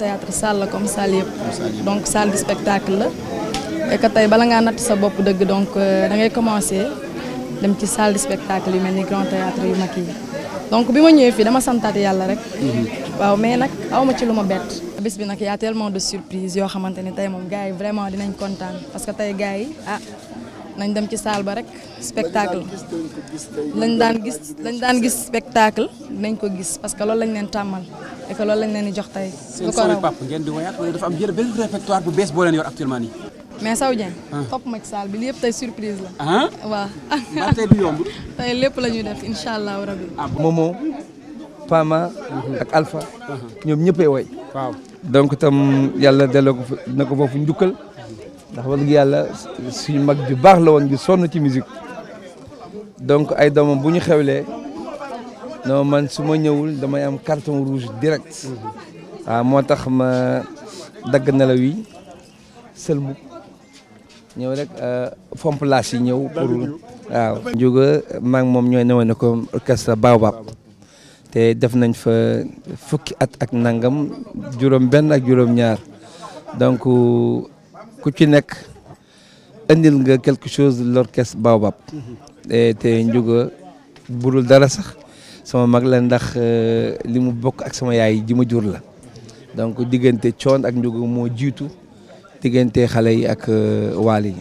théâtre salle la comme salle yëpp donc salle de spectacle la et que tey bala ngaa natt sa bopp dëgg donc euh, da ngay commencer dem ci salle de spectacle yu mel ni grand théâtre yu mag yi donc bi ma ñëwee fii dama santaat yàlla rek waaw mais nag awma ci lu ma bett bés bi nag y a tellement de surprises yoo xamante ni tey moom gars yi vraiment dinañ kontaan parce que tey yi ah, nañ dem ci saal ba rek spectacle lañ daan gis lañ daan gis spectacle nañ ko gis parce que lool lañ leen tàmmal et que loolu lañ leen di jox tey. lu ko raw papa ngeen am jërë bu bees boo leen yor actuellement mais Sow Dieng. Ah. topp ma ci bi li yëpp tey surprise la. Ah? waaw. ba tey du lépp la ñuy def incha allah rabi. Ah, Momo Pama. ak Alpha. ñoom ñëppay woy. donc itam yàlla delloo ko na ko foofu njukkal. ndax wax dëgg yàlla suñu mag ju baax la woon ju sonn ci musique donc ay doomam bu ñu xewlee non man su ma ñëwul damay am carton rouge direct waaw ah, moo tax ma dagg nelaw yi sëlmu ñëw rek euh, fomp laas yi ñëw pour waaw njuga maa ngi moom ñooy newoon ne ko orchestre Baobab te def nañ fa fukki at ak nangam juróom benn ak juróom ñaar donc ku ci nekk indil nga quelque chose l'orchestre Baobab mhm. te njuga burul dara sax sama mag la ndax euh, li mu bokk ak sama yaay ji jur la donc diggante coon ak njuga moo jiitu diggante xale yi ak euh, waal yi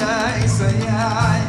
ai, ai, ai.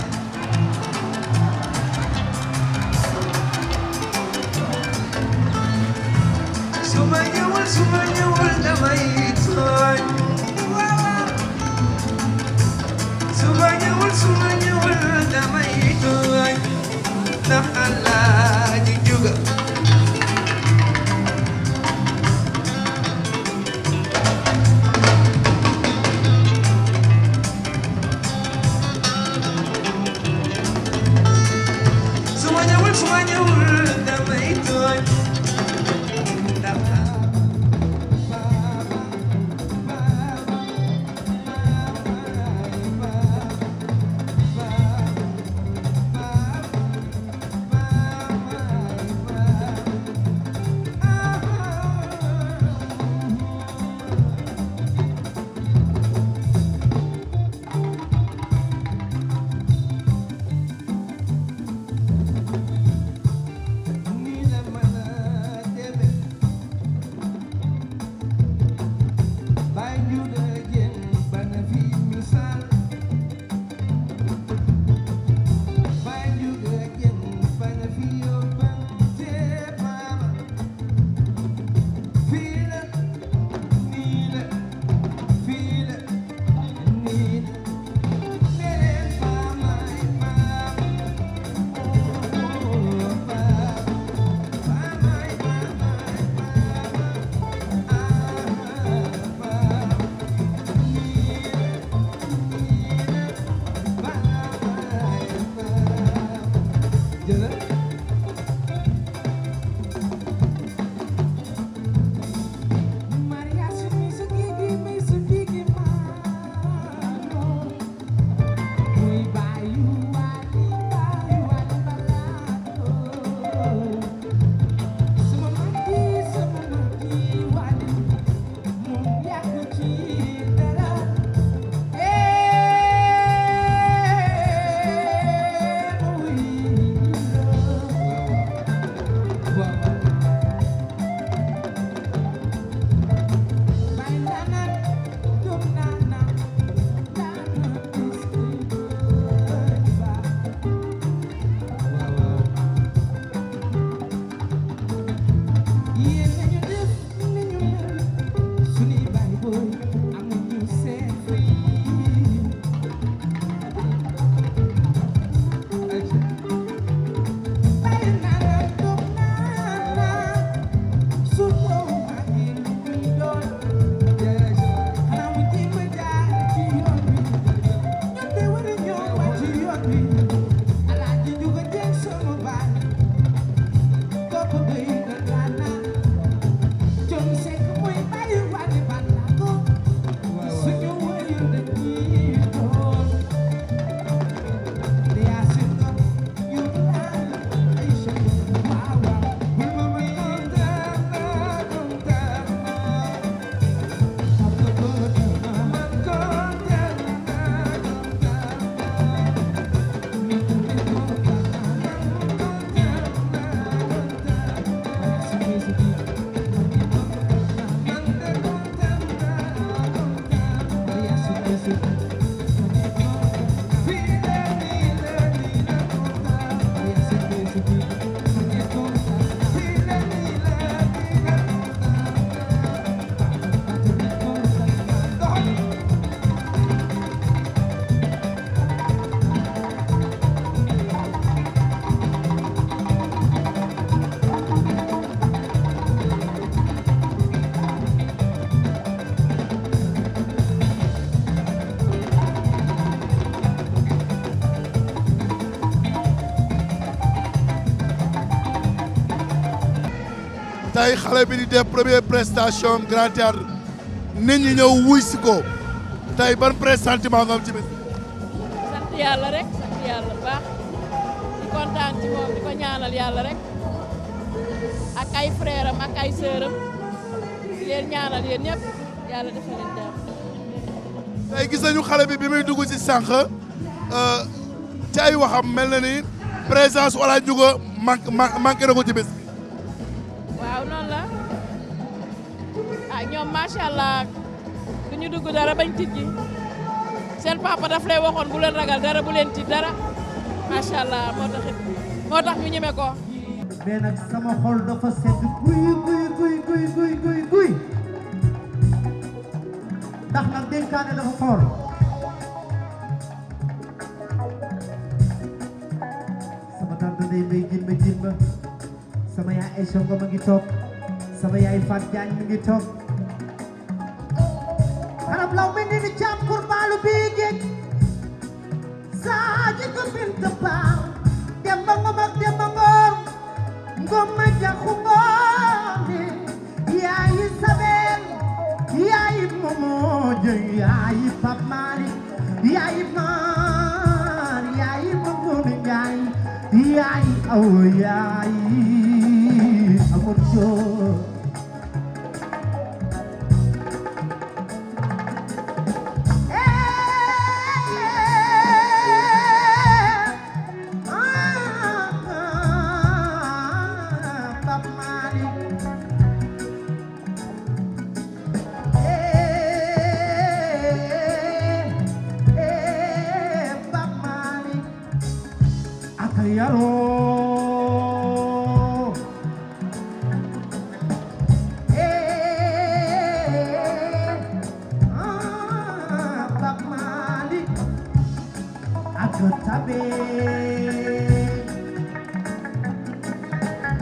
ay xale bi di def première prestation grand ñi ñëw wuy si ko tey ban pressentiment nga am ci bés. sant yàlla rek sant yàlla baax di kontaan ci di ko ñaanal yàlla rek ak ay frères am ak ñaanal yéen ñëpp yàlla defal leen jàmm. tey xale bi bi muy dugg ci sànq euh, ci ay waxam mel na ni présence wala juga manqué manqué na ko ci bés. waaw noonu la ah ñoom allah dugg dara bañ tiit ji papa daf lay bu ragal dara bu leen tiit dara allah moo taxit moo ko. sama xol dafa sedd guy guy guy guy guy guy guy ndax nag dénkaane dafa xool. sama tante day may jimba jimba sama ya ko eh, mengitok, sama ya Jan mengitok. Harap laumin ini campur malu bigit, saja kepin tebang, dia mengobak dia mengom, gomaja kumoni, ya Isabel, ya Momo, ya Pap Mali, ya Imar, ya Imam Gunung, ya Yai, oh Yai. Senhor.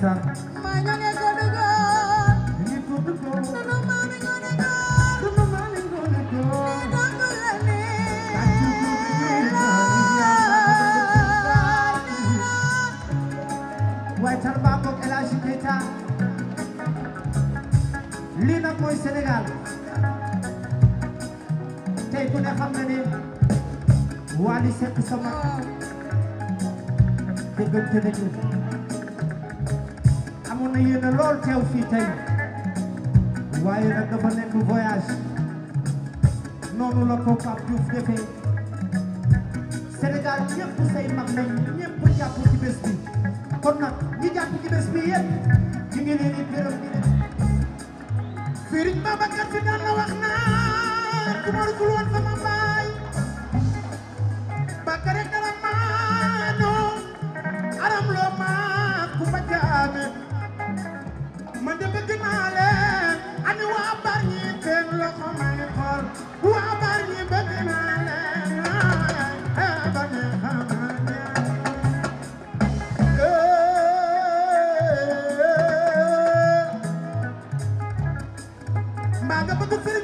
ndeysaan waaye tan ba ko El Hadji Keita lii nag mooy Sénégal ne xam na ni Wally Seck sama diggante nañu na lool teew fii tey waaye nag dafa nekk voyage noonu la ko Pape Diouf defee Sénégal ñëpp say mag nañ ñëpp jàpp ci bés bi kon nag ñi jàpp ci bi yëpp ñu ngi leen di gërëm di leen Serigne Babacar Sy daan la wax ku ma rugul woon sama baay the finish.